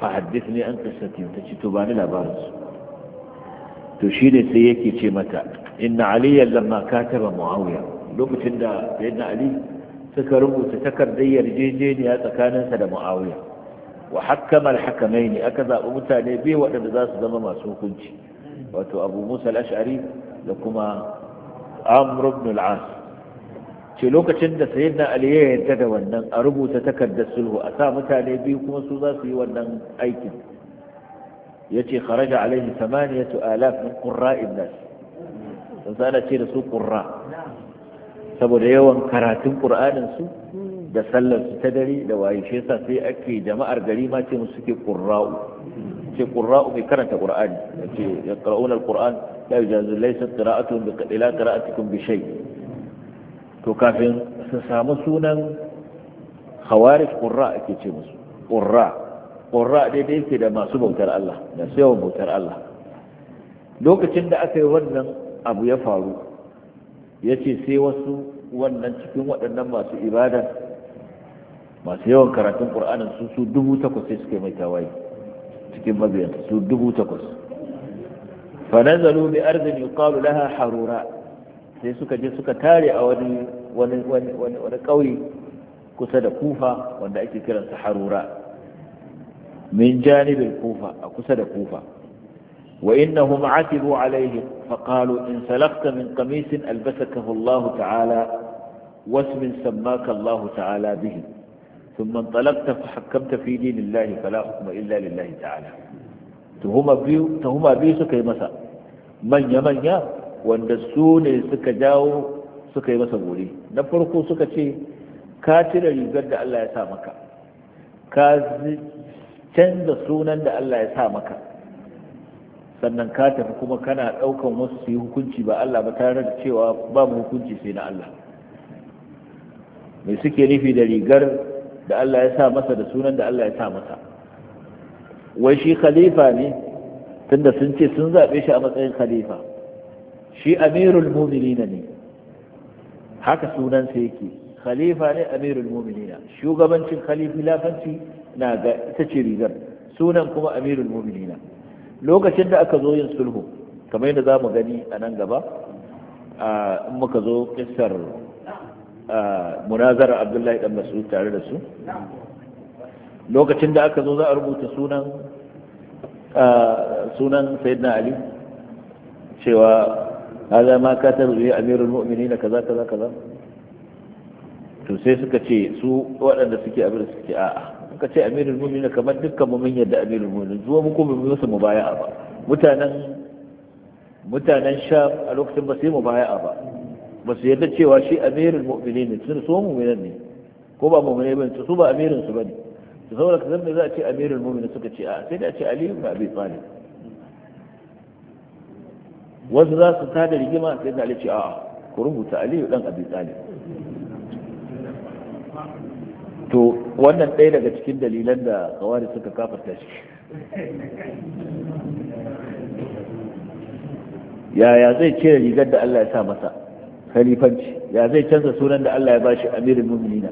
Speaker 2: fa haddithni an qissati ta ce to bani labarin su to shi ne sai yake ce mata inna aliyan lamma kataba muawiya lokacin da sayyidina ali suka rubuta takardar yarjejeniya tsakaninsa da muawiya wa hakkama al ne aka zabi mutane biyu waɗanda za su zama masu hukunci wato abu musa ashari da kuma amr as ce lokacin da sayyidina na ya yarda da wannan a rubuta takardar sulhu a sa mutane biyu kuma su za su yi wannan aikin yace kharaja alaihi 8000 min qurra'in nas sun ce da su ƙurra saboda yawan karatun ƙur'anin su da sallar su ta dare da waye shi yasa sai ake jama'ar gari ma ce musu suke qurra'u ce qurra'u mai karanta qur'ani yace yaqra'una alquran la yujazu laysa qira'atuhum bi qila qira'atukum bi shay to kafin su samu sunan khawarij qurra ake ce musu qurra qurra dai dai da masu bautar Allah da su yawan bautar Allah lokacin da aka yi wannan abu ya faru ya ce sai wasu wannan cikin waɗannan masu ibada masu yawan karatun ƙur'anin su su dubu takwas sai suka yi mai tawaye cikin mabiyan su dubu takwas fanazalu bi arzin yuqalu laha harura sai suka je suka tare a wani ƙauri ƙauye kusa da kufa wanda ake kiransa harura min janibin kufa a kusa da kufa وإنهم عتبوا عليهم فقالوا إن سلقت من قميص ألبسكه الله تعالى واسم سماك الله تعالى به ثم انطلقت فحكمت في دين الله فلا حكم إلا لله تعالى تهما بيو تهما بيو سكي مسا من يمن يا واندسون سكا جاو سكي مسا بولي نفرقو سكا شيء كاتر يقد الله يسامك كاز تنز سونا الله يسامك sannan ka tafi kuma kana ɗaukan wasu su yi hukunci ba Allah ba tare da cewa babu hukunci sai na Allah Me suke nufi da rigar da Allah ya sa masa da sunan da Allah ya sa masa wai shi khalifa ne tunda sun ce sun zaɓe shi a matsayin khalifa shi amirul muminina ne haka sunan sa yake khalifa ne amirul muminina shugabancin khalifilafanci na ga ita ce rigar sunan kuma amirul muminina lokacin da aka zo yin sulhu kamar yadda za mu gani a nan gaba in muka zo kisar munazara abdullahi dan mas'ud tare da su lokacin da aka zo za a rubuta sunan sunan sayyidina ali cewa haza ma ta zuwa amirul na kaza kaza kaza to sai suka ce su waɗanda suke abin da suke a'a ka ce amirul mu'minin kamar dukkan mu mun yadda amirul mu'minin zuwa mu ko mu musu mubaya'a ba mutanen mutanen sha a lokacin ba su yi mu mubaya'a ba ba su yadda cewa shi amirul mu'minin ne sun so mu'minan ne ko ba mu mu'minai ba su ba amirin su bane to saboda kazan ne za a ce amirul mu'minin suka ce a sai da a ce ali ibn abi talib wasu za su tada rigima sai da ali ce a, ku rubuta ali dan abi talib to wannan ɗaya daga cikin dalilan da kawari suka kafarta shi yaya zai cire rigar da Allah ya sa masa khalifanci ya zai canza sunan da Allah ya bashi amirul mu'minina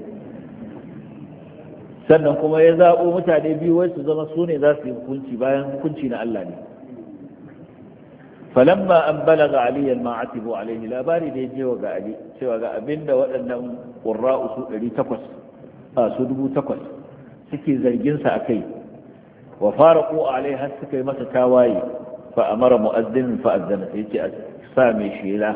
Speaker 2: sannan kuma ya zaɓo mutane biyu wai su zama su ne za su yi hukunci bayan hukunci na Allah ne falamma an balaga ali ma alaihi labari da ya je wa ga ali cewa ga abinda waɗannan qurra'u su 800 su dubu takwas suke zarginsa a kai wa fara ko alai har suka yi masa tawaye fa amara mu'azzin fa sai ce a sa mai shela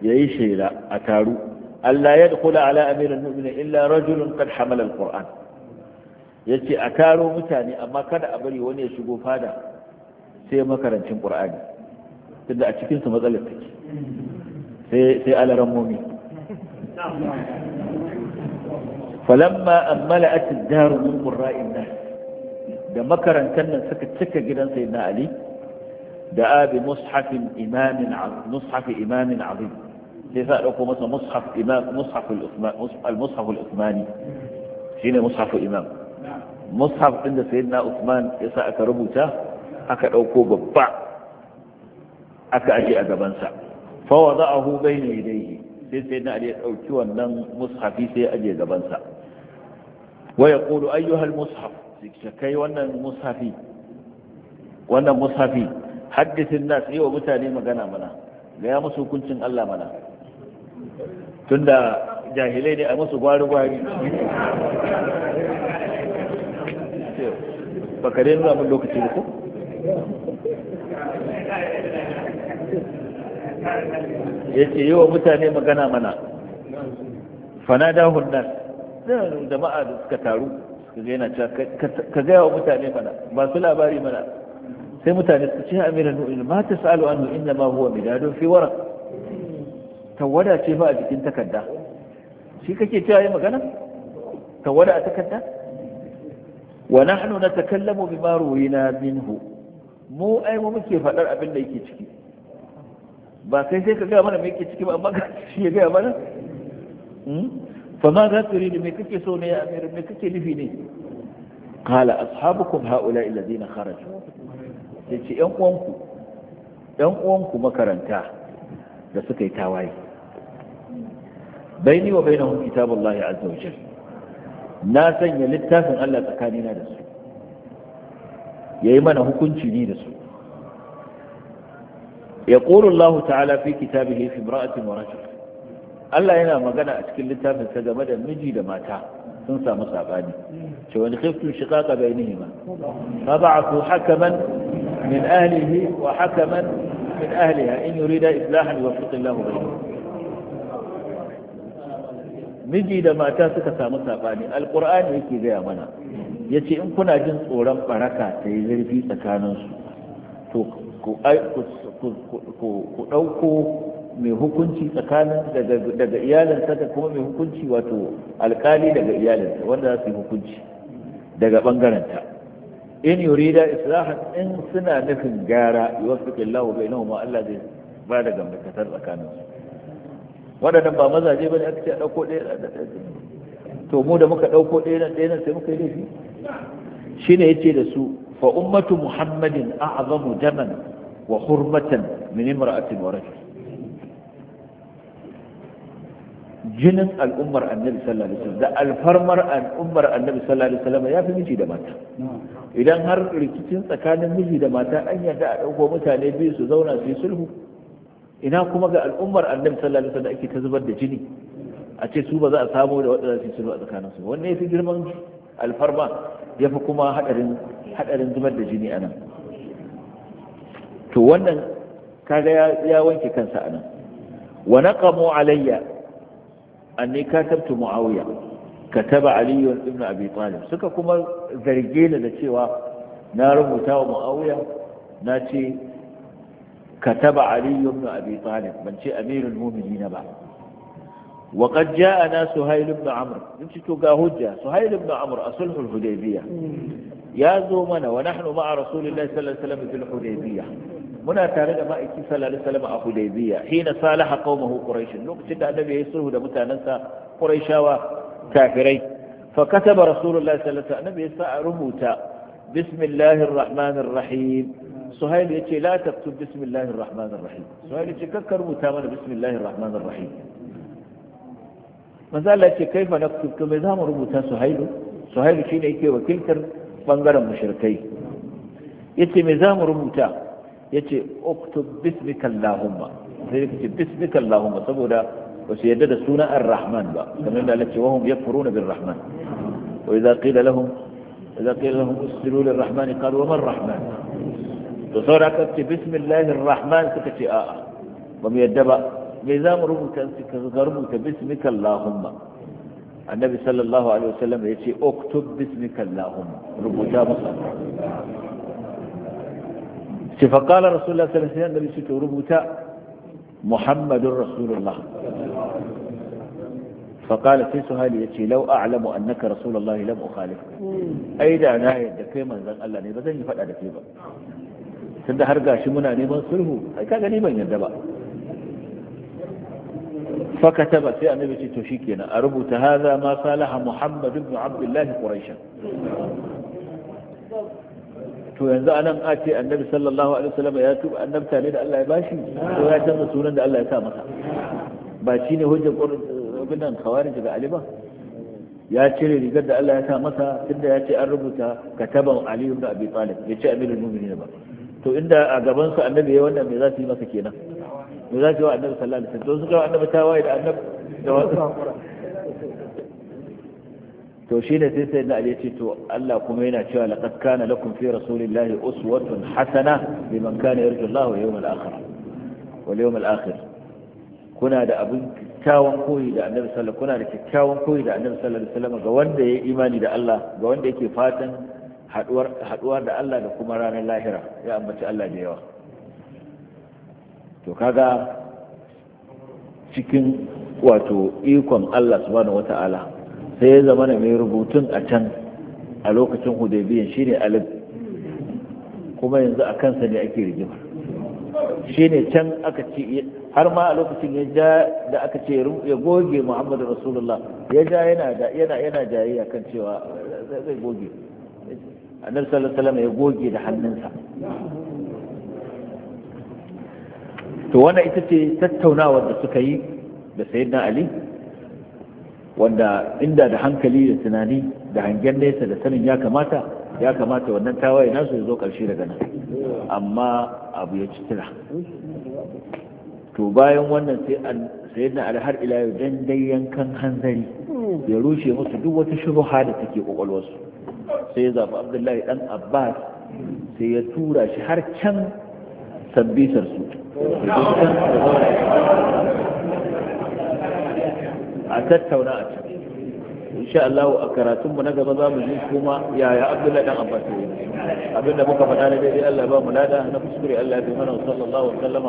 Speaker 2: ya yi shela a taru Allah ya dukula ala amirin mu'minin illa rajulun kad Qur'an, ya yace a karo mutane amma kada a bari wani ya shigo fada sai makarancin qur'ani tunda a cikinsu matsalar take sai sai alaran mu'min falamma ammala atid daru min qurra'in da makarantar nan suka cika gidan sayyidina ali da abi mushafin imamin mushaf imamin azim sai sa dauko masa mushaf imam mushaf al mushaf al shine mushaf imam mushaf din da sayyidina uthman yasa aka rubuta aka dauko babba aka aje a gabansa fa wada'ahu bayna yadayhi sai sai na ya ɗauki wannan mushafi sai aje gabansa waya ƙulu ayyuhal mushaf kai wannan mushafi wannan mushafi haddisin nas yi wa mutane magana mana gaya musu hukuncin Allah mana tunda jahilai ne a musu gwari-gwari baka dai nuna mun lokaci ko ya ce yi wa mutane magana mana fanada hunnan zai jama'a da suka taru su ga yana cewa ka gaya wa mutane mana ba su labari mana sai mutane su ce amiran nu'il ma ta sa'alu annu inna ma huwa midadun fi warak tawada ce ba a jikin takarda shi kake cewa yi magana tawada a takarda wa nahnu natakallamu bima ruwina minhu mu ai mu muke faɗar abin da yake ciki ba kai sai ka gaya mana me ke ciki ba amma ka shi ya gaya mana hmm? fa ma za ka rini me kake so ne ya amir me kake nufi ne qala ashabukum haula alladhina kharaju yace yan uwanku yan uwanku makaranta da suka yi tawaye baini wa bainahum kitabullahi azza wa jalla na sanya littafin Allah tsakanina da su yayi mana hukunci ni da su يقول الله تعالى في كتابه في امرأة ورجل الله هنا ما قال أتكلم تافه كذا مدى مجي لماتا تنسى مصاباني شو أن خفت الشقاق بينهما فبعثوا حكما من أهله وحكما من أهلها إن يريد إفلاحا يوفق الله بينهما مجي لماتا تنسى مصاباني القرآن يكي ذي أمنا يتي إن كنا جنس أورام بركة تيزر في سكانه سوق ku ɗauko mai hukunci tsakanin daga iyalinsa da kuma mai hukunci wato alkali daga iyalinsa wanda za su yi hukunci daga ɓangaranta. in yurida islahan in suna nufin gara yuwaffiqillahu bainahuma Allah zai ba da tsakanin su. waɗannan ba mazaje ba ne aka ce a ɗauko ɗaya to mu da muka ɗauko ɗaya na ɗaya na sai muka yi laifi shi ne ya ce da su fa ummatu muhammadin a'zamu daman wa hurmatan min imra'atin wa rajul jinin al'ummar annabi sallallahu alaihi da alfarmar al'ummar annabi sallallahu alaihi ya fi miji da mata idan har rikicin tsakanin miji da mata an yarda a ɗauko mutane biyu su zauna su yi sulhu ina kuma ga al'ummar annabi sallallahu alaihi wasallam ake ta zubar da jini a ce su ba za a samu da waɗanda su sulhu a tsakanin su girman alfarma ya fi kuma haɗarin zubar da jini anan. to wannan kaga ya wanke kansa anan nan wa naqamu alayya anni katabtu muawiya kataba ali ibn abi talib suka kuma zarge ni da cewa na rubuta wa muawiya na ce kataba ali ibn abi talib ban ce amirul mu'minin ba وقد جاءنا سهيل بن عمرو انت توقع هجة سهيل بن عمرو أصلح الحديبية يا زومنا ونحن مع رسول الله صلى الله عليه وسلم في الحديبية منا تارد ما اكي صلى الله عليه وسلم الحديبية حين صالح قومه قريش لوك تدع النبي يسره لمتى ننسى قريشا وكافرين فكتب رسول الله صلى الله عليه وسلم النبي رموتا بسم الله الرحمن الرحيم سهيل يتي لا تكتب بسم الله الرحمن الرحيم سهيل يتي كك رموتا من بسم الله الرحمن الرحيم manzo Allah ce kaifa naktub to me za mu rubuta suhailu suhailu shine yake wakiltar bangaren mushrikai yace me za mu rubuta yace uktub bismika allahumma sai yace bismika allahumma saboda ba su yadda da sunan ar-rahman ba kamar da Allah ce wahum yakfuruna bir-rahman wa idza qila lahum idza qila lahum usjudu lir-rahman qalu wa man-rahman to saboda ka ce bismillahir-rahman suka ce a'a ba mu yadda ba me za mu rubuta ka rubuta bismika Allahumma annabi sallallahu alaihi wasallam ya ce uktub bismika Allahumma rubuta masa ce fa qala rasulullah sallallahu alaihi wasallam ya ce rubuta muhammadur rasulullah فقال في سهالي يتي لو أعلم أنك رسول الله لم أخالف
Speaker 1: أي دا ناهي
Speaker 2: دا كيما زن الله نيبا زن يفعل هذا كيما سند هرقا sulhu نيبا صلهو أي كان fakataba sai annabi ce to shikenan a rubuta hadha ma salaha muhammad ibn abdullah quraishan to yanzu anan a ce annabi sallallahu alaihi wasallam ya tuba annabta ne da Allah ya bashi ko ya canza sunan da Allah ya sa masa ba shi ne hujjar abin khawarij daga ali ba ya cire rigar da Allah ya sa masa tunda ya ce an rubuta kataban ali ibn abi talib ya ce amirul mu'minin ba to inda a gaban sa annabi ya wannan me za su yi masa kenan me za su yi wa annabi sallallahu alaihi wasallam suka yi wa annabi tawaye da annabi da wasu to shi ne sai sai na ali ce to Allah kuma yana cewa laqad kana lakum fi rasulillahi uswatun hasana liman kana yarju Allah wa yawmal akhir wal yawmal akhir kuna da abin kyakkyawan koyi da annabi sallallahu kuna da kyakkyawan koyi da annabi sallallahu alaihi wasallam ga wanda ya imani da Allah ga wanda yake fatan haduwar haduwa da Allah da kuma ranar lahira ya ambaci Allah da yawa to kaga cikin wato ikon Allah subhanahu ta'ala sai ya zama na mai rubutun a can a lokacin hudaybiyan shine alif kuma yanzu a kansa ne ake rigima shine can aka ci har ma a lokacin ya ja da aka ce ya goge Muhammadu Rasulullah ya ja yana da yana yana kan cewa zai goge annabi sallallahu alaihi wasallam ya goge da hannunsa to wannan ita ce tattaunawar da suka yi da sayyidina ali wanda inda da hankali da tunani da hangen nesa da sanin ya kamata ya kamata wannan tawaye nasu ya zo karshe daga nan amma abu ya ci tira to bayan wannan sai an sayyidina ali har ila yau dan dai yankan hanzari ya rushe musu duk wata shubha da take kokolwarsu sai ya zafi abdullahi dan abbas sai ya tura shi har can sabbisar su a tattauna a can insha Allah a na gaba za mu ji kuma yaya Abdullahi dan Abbas abinda muka faɗa na daidai Allah ba mu lada na kuskure Allah ya
Speaker 1: bi mana sallallahu alaihi wa sallama